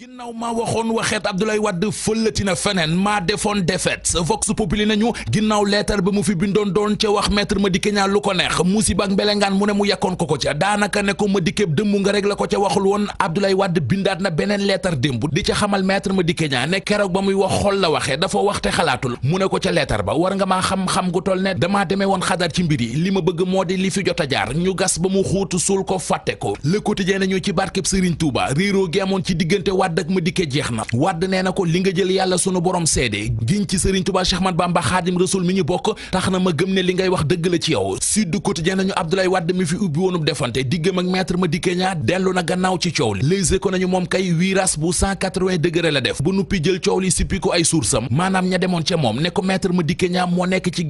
ginnaaw maa waxoon waxeet Abdoulaye Wade fëllatina feneen maa defoon défaite vox populi nañu ginnaaw leetar ba mu fi bindoon doon ca wax maître Madické Niang lu ko neex musiba ak mbelengaan mu ne mu yàkkoon ko ko ca daanaka ne ko Madické dëmb nga rek la ko ca waxul woon Abdoulaye Wade bindaat na beneen leetar démb di ca xamal ma di Madické Niang ne keroog ba muy wax xol la waxee dafa wax te xalaatul mu ne ko ca leetar ba war nga maa xam-xam gu toll ne dama demee woon xadaar ci mbir yi li ma bëgg moo di li fi jot a jaar ñu gas ba mu xuutu suul ko fàtte ko Le Quotidien nañu ci barkeb Serigne Touba réeroo gi amoon wadd ak ma dikkee jeex na wadd nee na ko li nga jël yàlla sunu borom seede giñ ci Serigne Touba Cheikh Bamba Xaadim Rasul mi ñu bokk tax na ma gëm ne li ngay wax dëgg la ci yow Sud Quotidien nañu Abdoulaye Wade mi fi ubbi woonub defante diggam ak maître ma dikkee ñaa dellu na gannaaw ci coow li Les Échos nañu moom kay virage bu 180 la def bu nuppi jël coow li sippi ko ay sursam maanaam ña demoon ca moom ne ko maître ma dikkee ñaa moo nekk ci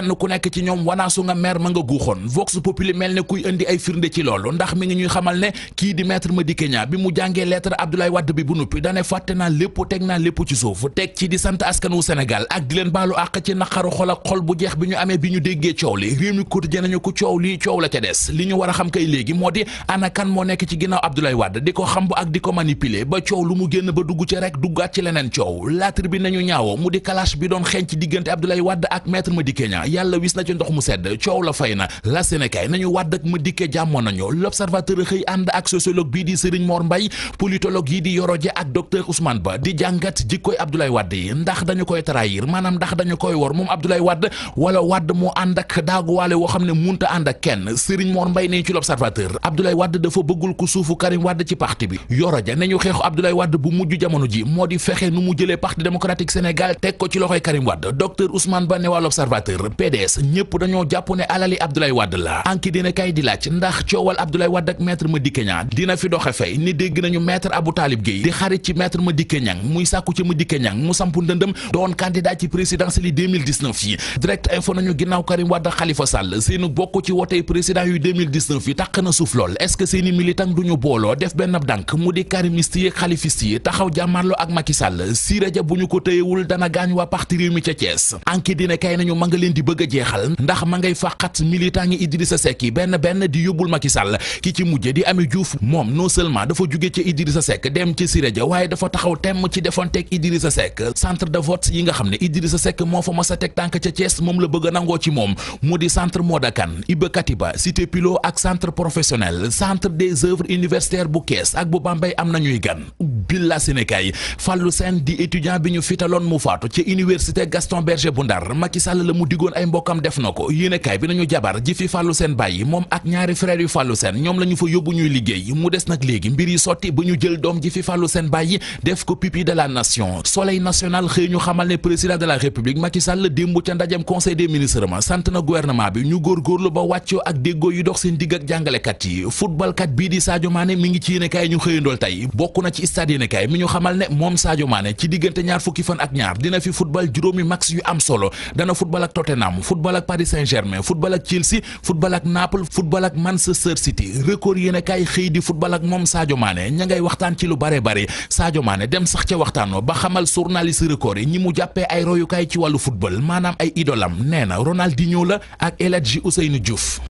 kenn ku nekk ci ñoom wanaasu nga mer ma nga guuxoon vox populi mel ne kuy indi ay firnde ci loolu ndax mi ngi ñuy xamal ne kii di maître Madické Niang bi mu jàngee lettre Abdoulaye Wade bi bu nuppi dane fàtte naa lépp teg naa lépp ci suuf teg ci di sant askan wu ak di leen baalu àq ci naqaru xol ak xol bu jeex bi ñu amee bi ñu déggee coow li réew mi quotidien nañu ko coow lii coow la ca des li ñu war a xam kay léegi moo di ana kan moo nekk ci ginnaaw Abdoulaye Wade di ko xambu ko manipuler ba coow lu mu génn ba dugg ci rek duggaat ci la tribune nañu ñaawoo mu di clash bi doon xeeñ ci diggante Abdoulaye Wade yàlla wis na ci ndox mu sedd coow la fay na la Sénégal nañu wàdd ak ma dikke jàmmoon nañu l'observateur xëy ànd ak sociologue bii di Serigne moor mbay politologue yi di Yoro Dia ak docteur Ousmane Ba di jàngat jikkoy Abdoulaye wadd yi ndax dañu koy trahir maanaam ndax dañu koy wor moom Abdoulaye wadd wala Wade moo ànd ak daaguwaale woo xam ne munta ànd ak kenn Serigne Mor Mbaye nee ci l'observateur Abdoulaye Wade dafa bëggul ku suufu Karim wadd ci parti bi Yoro Dia nañu xeexu Abdoulaye Wade bu mujj jamono ji moo di fexe nu mu jëlee parti démocratique Sénégal teg ko ci loxoy Karim Wade docteur Ousmane Ba ne waa l'observateur PDS ñëpp dañoo jàpp ne alali Abdoulaye Wade la anki kay di laaj ndax coowal Abdoulaye Wade ak maître Madické Niang dina fi doxe fay ni dégg nañu maître Abou Talib Gueye di xarit ci maître Madické Niang muy sàkku ci Madické Niang mu sampu ndëndëm doon candidat ci présidentielle yi yi direct info nañu ginnaaw Karim Wade Khalifa Sall seenu bokk ci wotey président yu yi tàq na suuf lool est seeni militant duñu booloo def benn dànk mu di karimiste yi bëgg a jeexal ndax ma ngay fàqat militant yi Idrissa Seck yi benn benn di yóbbul Macky ki ci mujje di Ami Diouf moom non seulement dafa jóge ca Idrissa Seck dem ci Siré Dia waaye dafa taxaw temm ci defanteeg Idrissa Seck centre de vote yi nga xam ne Idrissa Seck moo fa mas a teg tànk ca Thiès moom la bëgg a nangoo ci moom mu di centre Modakan Iba Katiba Cité Pilo ak centre professionnel centre des œuvres universitaires bu Kees ak bu Bambey am nañuy gan ay mbokkam def na ko yéenekaay bi nañu jabar ji fi fàllu seen bàyyi moom ak ñaari frère yu fàllu seen ñoom la fa yóbbu ñuy liggéey mu des nag léegi mbir yi sotti ba ñu jël doom ji fi fàllu seen bàyyi def ko pupille de la nation soleil national xëy ñu xamal ne président de la république Macky Sall démb ca ndajem conseil des ministres ma sant na gouvernement bi ñu góorgóorlu ba wàccoo ak déggoo yu dox seen digg ak jàngalekat yi footballkat bii di Sadio Tottenham football ak Paris Saint-Germain football ak Chelsea football ak Naples football ak Manchester City record yéen kaay xëy di football ak moom saajo maane ña ngay waxtaan ci lu bare bare Sadio Mané dem sax ca waxtaanoo ba xamal journaliste record yi ñi mu jàppee ay royukaay ci wàllu football maanaam ay idolam nee na ñëw la ak El Hadji Ousseynou Diouf